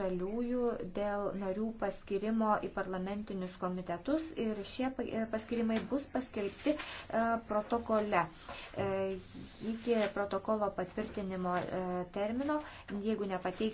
žaliųjų dėl narių paskirimo į parlamentinius komitetus ir šie e, paskirimai bus paskelbti e, protokole. E, iki protokolo patvirtinimo termino, jeigu nepateiksite,